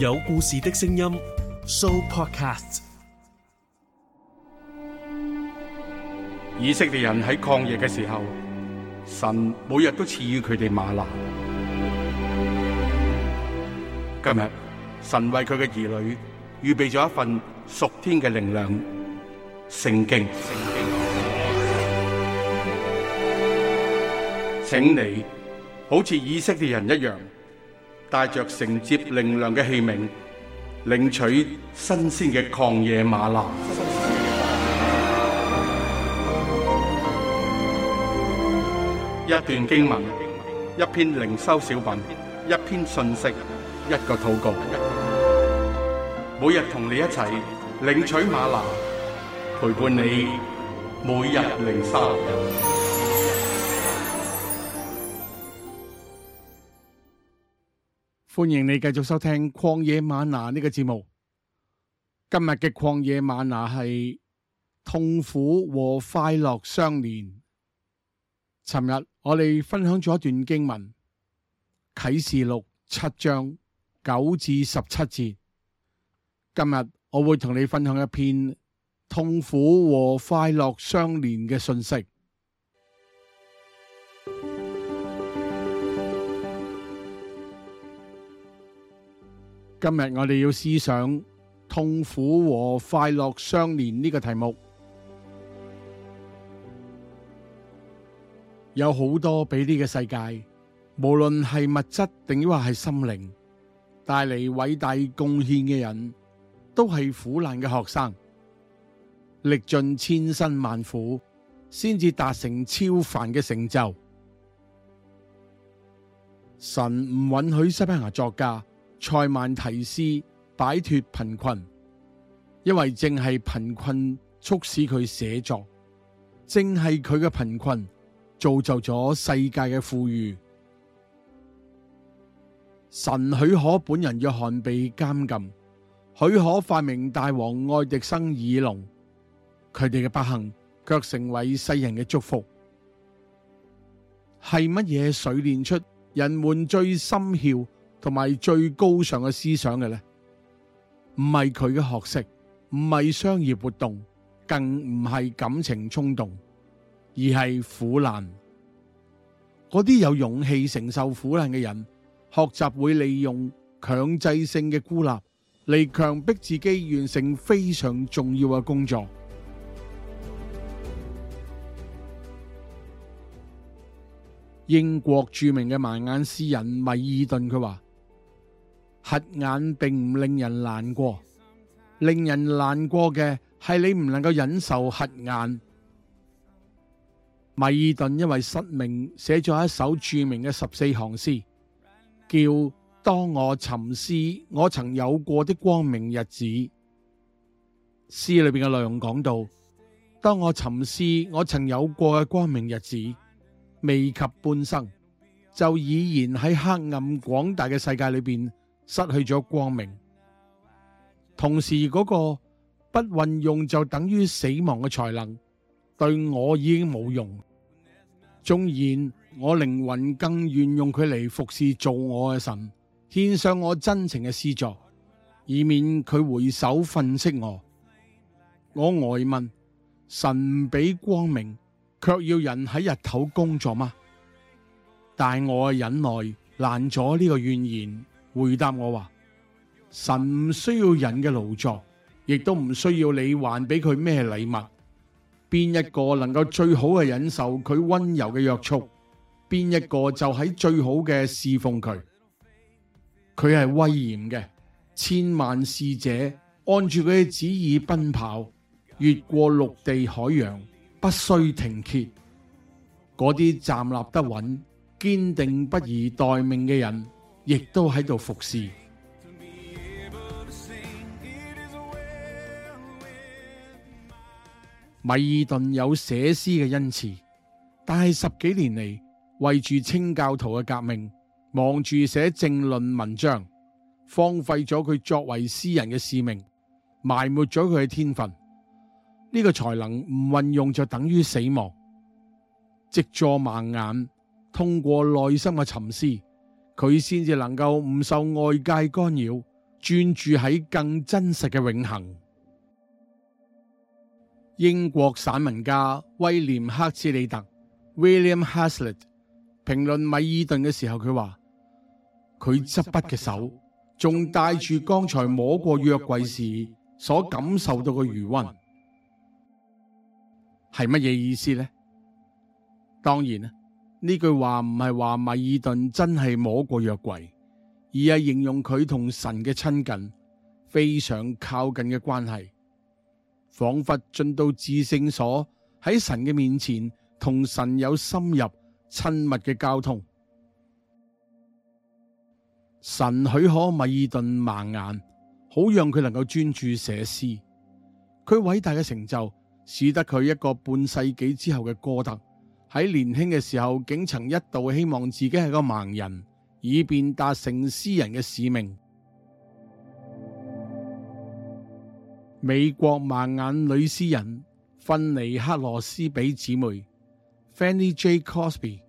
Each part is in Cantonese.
有故事的聲音，Show Podcast。以色列人喺曠野嘅時候，神每日都賜予佢哋嗎哪。今日，神為佢嘅兒女預備咗一份屬天嘅靈糧，聖經。聖經，請你好似以色列人一樣。帶着承接靈糧嘅器皿，領取新鮮嘅曠野嗎哪。馬一段經文，一篇靈修小品，一篇信息,息，一個禱告。每日同你一齊領取嗎哪，陪伴你每日靈修。歡迎你繼續收聽《曠野嗎哪》呢、這個節目。今日嘅曠野嗎哪係痛苦和快樂相連。尋日我哋分享咗一段經文《啟示錄》七章九至十七節。今日我會同你分享一篇痛苦和快樂相連嘅信息。今日我哋要思想痛苦和快樂相連呢個題目，有好多俾呢個世界，無論係物質定抑或係心靈，帶嚟偉大貢獻嘅人都係苦難嘅學生，歷盡千辛萬苦，先至達成超凡嘅成就。神唔允許西班牙作家。塞萬提斯擺脫貧困，因為正係貧困促使佢寫作，正係佢嘅貧困造就咗世界嘅富裕。神許可本人約翰被監禁，許可發明大王愛迪生耳聾，佢哋嘅不幸卻成為世人嘅祝福。係乜嘢水煉出？人們最深竅同埋最高尚嘅思想嘅咧，唔係佢嘅學識，唔係商業活動，更唔係感情衝動，而係苦難。嗰啲有勇氣承受苦難嘅人，學習會利用強制性嘅孤立嚟強迫自己完成非常重要嘅工作。 英國著名嘅盲眼詩人米爾頓佢話。.黑眼並唔令人難過，令人難過嘅係你唔能夠忍受黑眼。米爾頓因為失明，寫咗一首著名嘅十四行詩，叫《當我沉思我曾有過的光明日子》。詩裏邊嘅內容講到：當我沉思我曾有過嘅光明日子，未及半生，就已然喺黑暗廣大嘅世界裏邊。失去咗光明，同時嗰個不運用就等於死亡嘅才能，對我已經冇用。縱然我靈魂更願用佢嚟服侍做我嘅神，獻上我真情嘅詩作，以免佢回首訓斥我。我呆問：神俾光明，卻要人喺日頭工作嗎？但係我嘅忍耐，攔阻呢個怨言。回答我話，神唔需要人嘅勞作，亦都唔需要你還俾佢咩禮物。邊一個能夠最好嘅忍受佢溫柔嘅約束？邊一個就喺最好嘅侍奉佢？佢係威嚴嘅，千萬侍者按住佢嘅旨意奔跑，越過陸地海洋，不需停歇。嗰啲站立得穩、堅定不移待命嘅人，亦都喺度服侍。米爾頓有寫詩嘅恩賜，但係十幾年嚟，為住清教徒嘅革命，忙住寫政論文章，荒廢咗佢作為詩人嘅使命，埋沒咗佢嘅天分。呢、這個才能唔運用就等於死亡。直坐盲眼，通過內心嘅沉思，佢先至能夠唔受外界干擾，專注喺更真實嘅永恆。英國散文家威廉·赫斯利特 （William Haslett） 評論米爾頓嘅時候，佢話：佢執筆嘅手仲帶住剛才摸過約櫃時所感受到嘅餘溫，係乜嘢意思咧？當然啦。呢句話唔係話米爾頓真係摸過約櫃，而係形容佢同神嘅親近非常靠近嘅關係，仿佛進到至聖所喺神嘅面前，同神有深入親密嘅交通。神許可米爾頓盲眼，好讓佢能夠專注寫詩。佢偉大嘅成就，使得佢一個半世紀之後嘅歌德，喺年輕嘅時候，竟曾一度希望自己係個盲人，以便達成詩人嘅使命。美國盲眼女詩人芬尼克羅斯比姊妹 Fanny J. Crosby，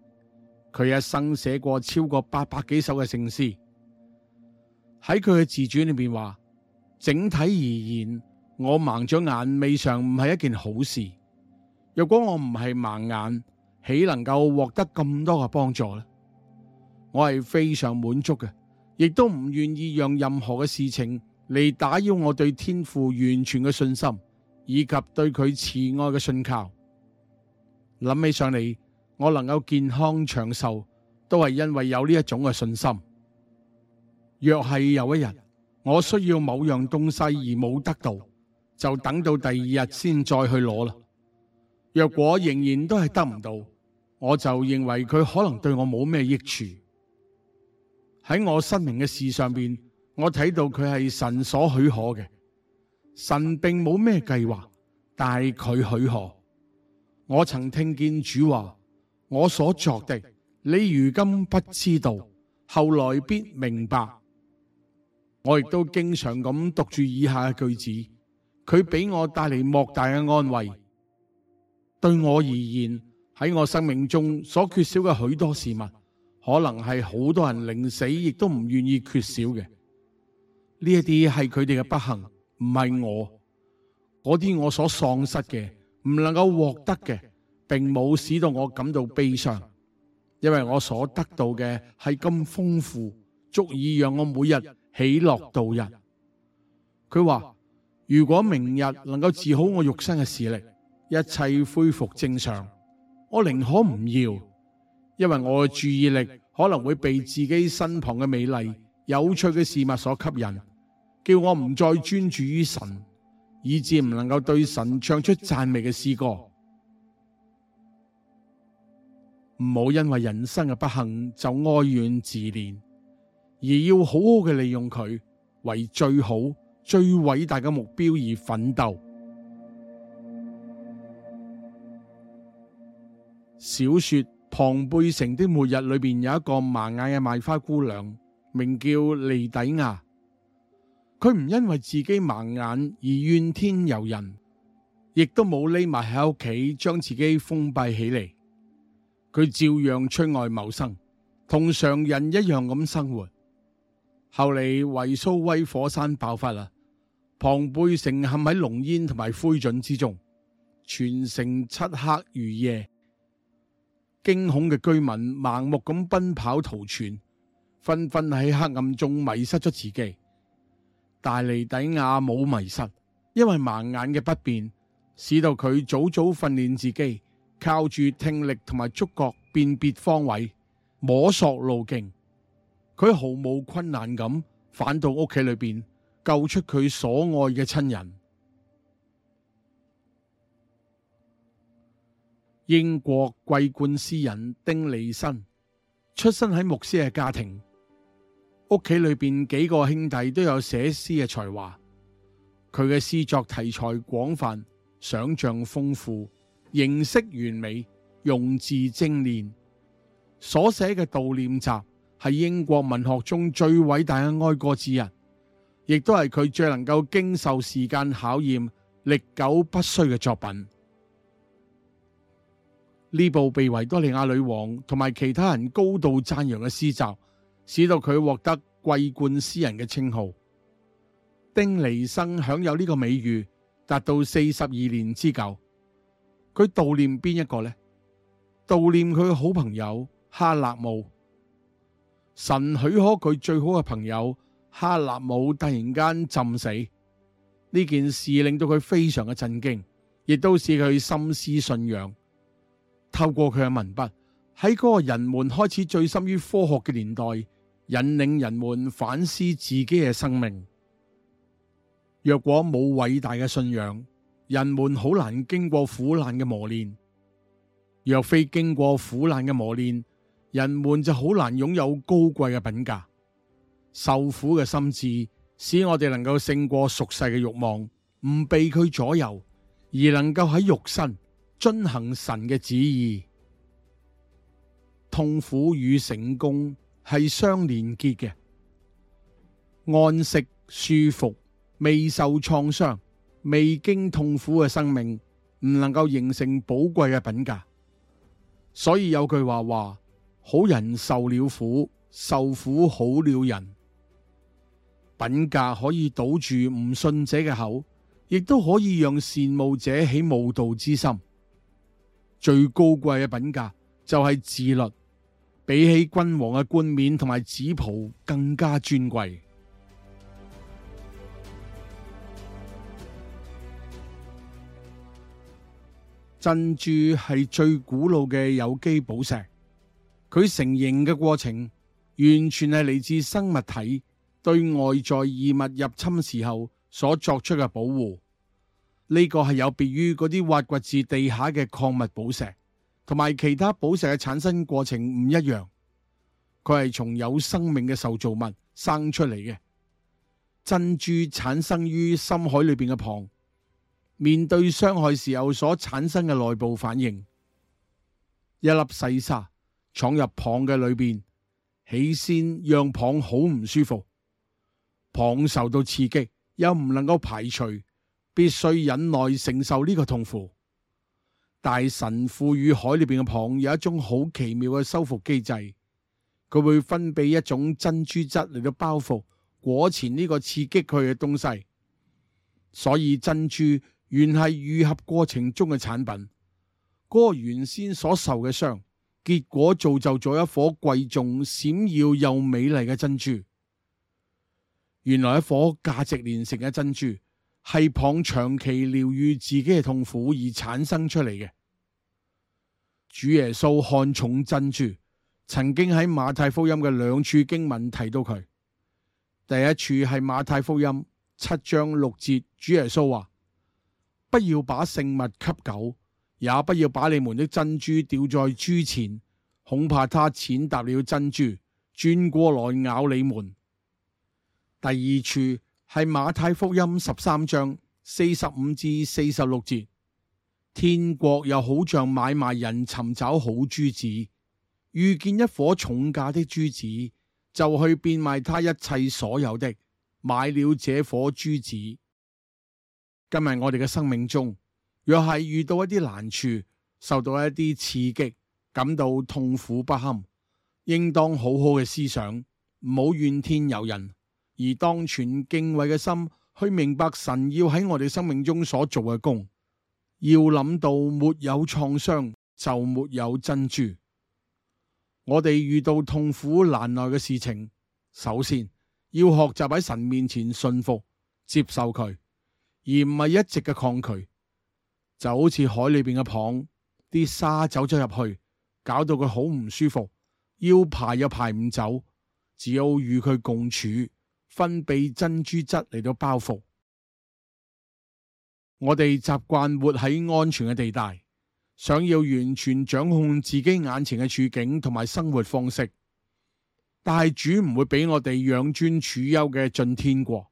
佢一生寫過超過八百幾首嘅聖詩。喺佢嘅自傳裏面話，整體而言，我盲咗眼未嘗唔係一件好事。若果我唔係盲眼。豈能夠獲得咁多嘅幫助呢？我係非常滿足嘅，亦都唔願意讓任何嘅事情嚟打擾我對天父完全嘅信心，以及對佢慈愛嘅信靠。諗起上嚟，我能夠健康長壽，都係因為有呢一種嘅信心。若係有一日我需要某樣東西而冇得到，就等到第二日先再去攞啦。若果仍然都係得唔到，我就認為佢可能對我冇咩益處。喺我失明嘅事上邊，我睇到佢係神所許可嘅，神並冇咩計劃，但係佢許可。我曾聽見主話：我所作的，你如今不知道，後來必明白。我亦都經常咁讀住以下嘅句子，佢俾我帶嚟莫大嘅安慰。對我而言，喺我生命中所缺少嘅許多事物，可能係好多人寧死亦都唔願意缺少嘅。呢一啲係佢哋嘅不幸，唔係我。嗰啲我所喪失嘅，唔能夠獲得嘅，並冇使到我感到悲傷，因為我所得到嘅係咁豐富，足以讓我每日喜樂度日。佢話：如果明日能夠治好我肉身嘅視力，一切恢復正常，我寧可唔要，因為我嘅注意力可能會被自己身旁嘅美麗、有趣嘅事物所吸引，叫我唔再專注於神，以致唔能夠對神唱出讚美嘅詩歌。唔好因為人生嘅不幸就哀怨自憐，而要好好嘅利用佢，為最好、最偉大嘅目標而奮鬥。小說《龐貝城的末日》裏邊有一個盲眼嘅賣花姑娘，名叫尼底亞。佢唔因為自己盲眼而怨天尤人，亦都冇匿埋喺屋企，將自己封閉起嚟。佢照樣出外謀生，同常人一樣咁生活。後嚟維蘇威火山爆發啦，龐貝城陷喺濃煙同埋灰燼之中，全城漆黑如夜。驚恐嘅居民盲目咁奔跑逃竄，紛紛喺黑暗中迷失咗自己。大尼底亞冇迷失，因為盲眼嘅不便，使到佢早早訓練自己，靠住聽力同埋觸覺辨別方位，摸索路徑。佢毫無困難咁返到屋企裏邊，救出佢所愛嘅親人。英國桂冠詩人丁尼生出生喺牧師嘅家庭，屋企裏邊幾個兄弟都有寫詩嘅才華。佢嘅詩作題材廣泛，想象豐富，形式完美，用字精煉。所寫嘅悼念集係英國文學中最偉大嘅哀歌之一，亦都係佢最能夠經受時間考驗、歷久不衰嘅作品。呢部被維多利亞女王同埋其他人高度讚揚嘅詩集，使到佢獲得桂冠詩人嘅稱號。丁尼生享有呢個美譽達到四十二年之久。佢悼念邊一個呢？悼念佢好朋友哈納姆。神許可佢最好嘅朋友哈納姆突然間浸死，呢件事令到佢非常嘅震驚，亦都使佢心思信仰。透過佢嘅文筆，喺嗰個人們開始醉心於科學嘅年代，引領人們反思自己嘅生命。若果冇偉大嘅信仰，人們好難經過苦難嘅磨練。若非經過苦難嘅磨練，人們就好難擁有高貴嘅品格。受苦嘅心智，使我哋能夠勝過俗世嘅慾望，唔被佢左右，而能夠喺肉身。遵行神嘅旨意，痛苦與成功係相連結嘅。安食舒服、未受創傷、未經痛苦嘅生命，唔能夠形成寶貴嘅品格。所以有句話話：好人受了苦，受苦好了人。品格可以堵住唔信者嘅口，亦都可以讓羨慕者起無道之心。最高貴嘅品格就係自律，比起君王嘅冠冕同埋紫袍更加尊貴。珍珠係最古老嘅有機寶石，佢成形嘅過程完全係嚟自生物體對外在異物入侵時候所作出嘅保護。呢個係有別於嗰啲挖掘至地下嘅礦物寶石，同埋其他寶石嘅產生過程唔一樣。佢係從有生命嘅受造物生出嚟嘅。珍珠產生於深海裏邊嘅蚌，面對傷害時候所產生嘅內部反應，一粒細沙闖入蚌嘅裏邊，起先讓蚌好唔舒服，蚌受到刺激又唔能夠排除。必須忍耐承受呢個痛苦，但係神賦予海裏邊嘅蚌有一種好奇妙嘅修復機制，佢會分泌一種珍珠質嚟嘅包覆裹纏呢個刺激佢嘅東西，所以珍珠原係愈合過程中嘅產品，嗰個原先所受嘅傷，結果造就咗一顆貴重、閃耀又美麗嘅珍珠。原來一顆價值連城嘅珍珠，係蚌長期療愈自己嘅痛苦而產生出嚟嘅。主耶穌看重珍珠，曾經喺馬太福音嘅兩處經文提到佢。第一處係馬太福音七章六節，主耶穌話：「不要把聖物給狗，也不要把你們的珍珠掉在豬前，恐怕牠踐踏了珍珠，轉過來咬你們」。第二處。係馬太福音十三章四十五至四十六節，天國又好像買賣人尋找好珠子，遇見一顆重價的珠子，就去變賣他一切所有的，買了這顆珠子。今日我哋嘅生命中，若係遇到一啲難處，受到一啲刺激，感到痛苦不堪，應當好好嘅思想，唔好怨天尤人。而當存敬畏嘅心去明白神要喺我哋生命中所做嘅工，要諗到沒有創傷就沒有珍珠。我哋遇到痛苦難耐嘅事情，首先要學習喺神面前信服接受佢，而唔係一直嘅抗拒。就好似海裏面嘅蚌，啲沙走咗入去，搞到佢好唔舒服，要排又排唔走，只好與佢共處。分泌珍珠質嚟到包覆。我哋習慣活喺安全嘅地帶，想要完全掌控自己眼前嘅處境同埋生活方式。但係主唔會俾我哋養尊處優嘅進天國，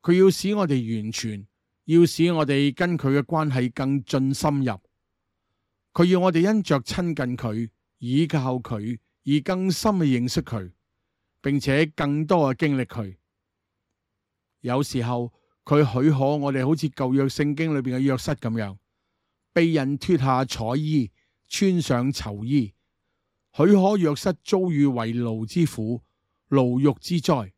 佢要使我哋完全，要使我哋跟佢嘅關係更進深入。佢要我哋因着親近佢，倚靠佢而更深嘅認識佢。並且更多嘅經歷佢，有時候佢許可我哋好似舊約聖經裏邊嘅約瑟咁樣，被人脫下彩衣，穿上囚衣，許可約瑟遭遇為奴之苦、牢獄之災，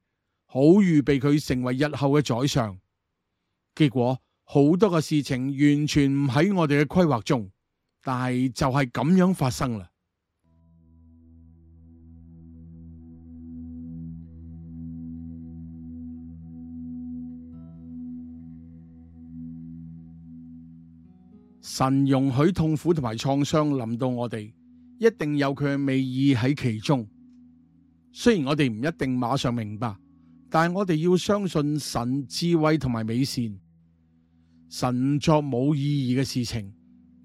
好預備佢成為日後嘅宰相。結果好多嘅事情完全唔喺我哋嘅規劃中，但係就係咁樣發生啦。神容許痛苦同埋創傷臨到我哋，一定有佢嘅美意喺其中。雖然我哋唔一定馬上明白，但係我哋要相信神智慧同埋美善。神作冇意義嘅事情，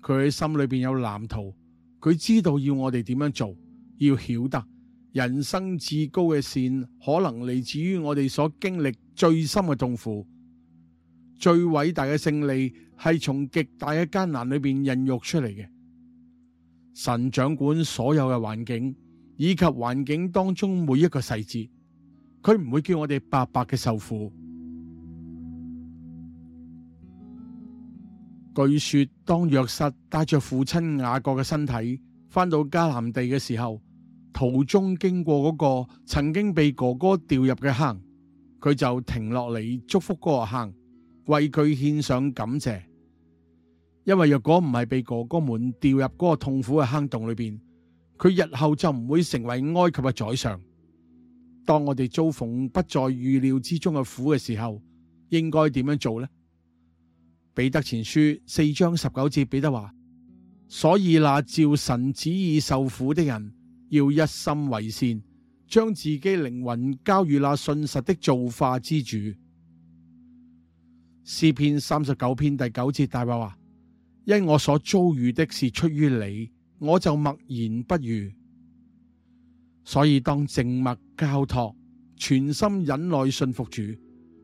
佢喺心裏邊有藍圖，佢知道要我哋點樣做，要曉得人生至高嘅善可能嚟自於我哋所經歷最深嘅痛苦。最偉大嘅勝利係從極大嘅艱難裏邊孕育出嚟嘅。神掌管所有嘅環境以及環境當中每一個細節，佢唔會叫我哋白白嘅受苦。 據說當約瑟帶着父親雅各嘅身體返到迦南地嘅時候，途中經過嗰個曾經被哥哥掉入嘅坑，佢就停落嚟祝福嗰個坑。為佢獻上感謝，因為若果唔係被哥哥們掉入嗰個痛苦嘅坑洞裏邊，佢日後就唔會成為埃及嘅宰相。當我哋遭逢不在預料之中嘅苦嘅時候，應該點樣做呢？彼得前書四章十九節，彼得話：所以那照神旨意受苦的人，要一心為善，將自己靈魂交與那信實的造化之主。詩篇三十九篇第九節大衛話：因我所遭遇的是出於你，我就默然不語。所以當靜默交託，全心忍耐信服主，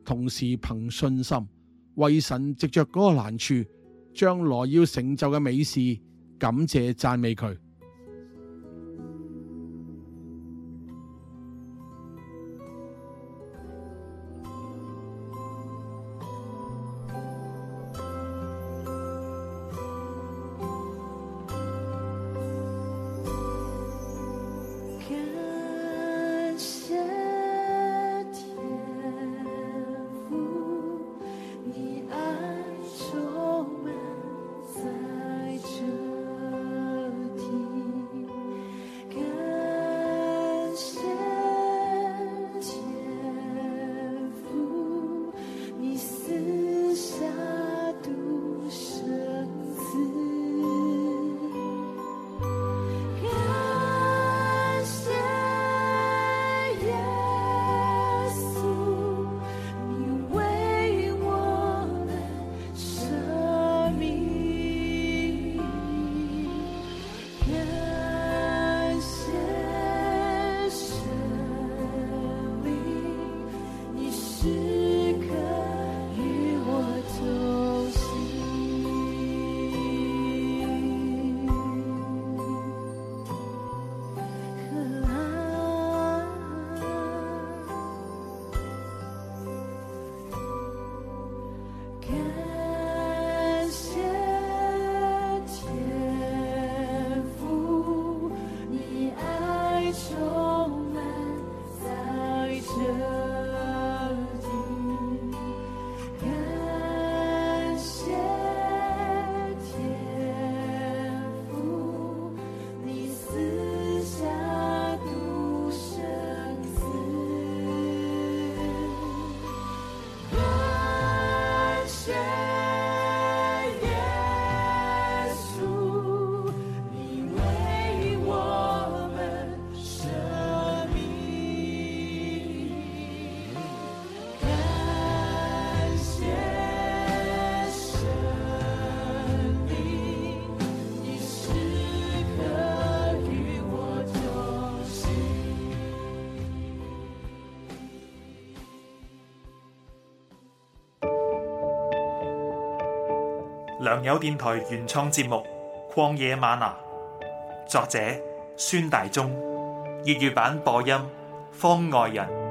同時憑信心為神藉着嗰個難處，將來要成就嘅美事，感謝讚美佢。良友電台原創節目《曠野嗎哪》，作者孫大中，粵語版播音方外人。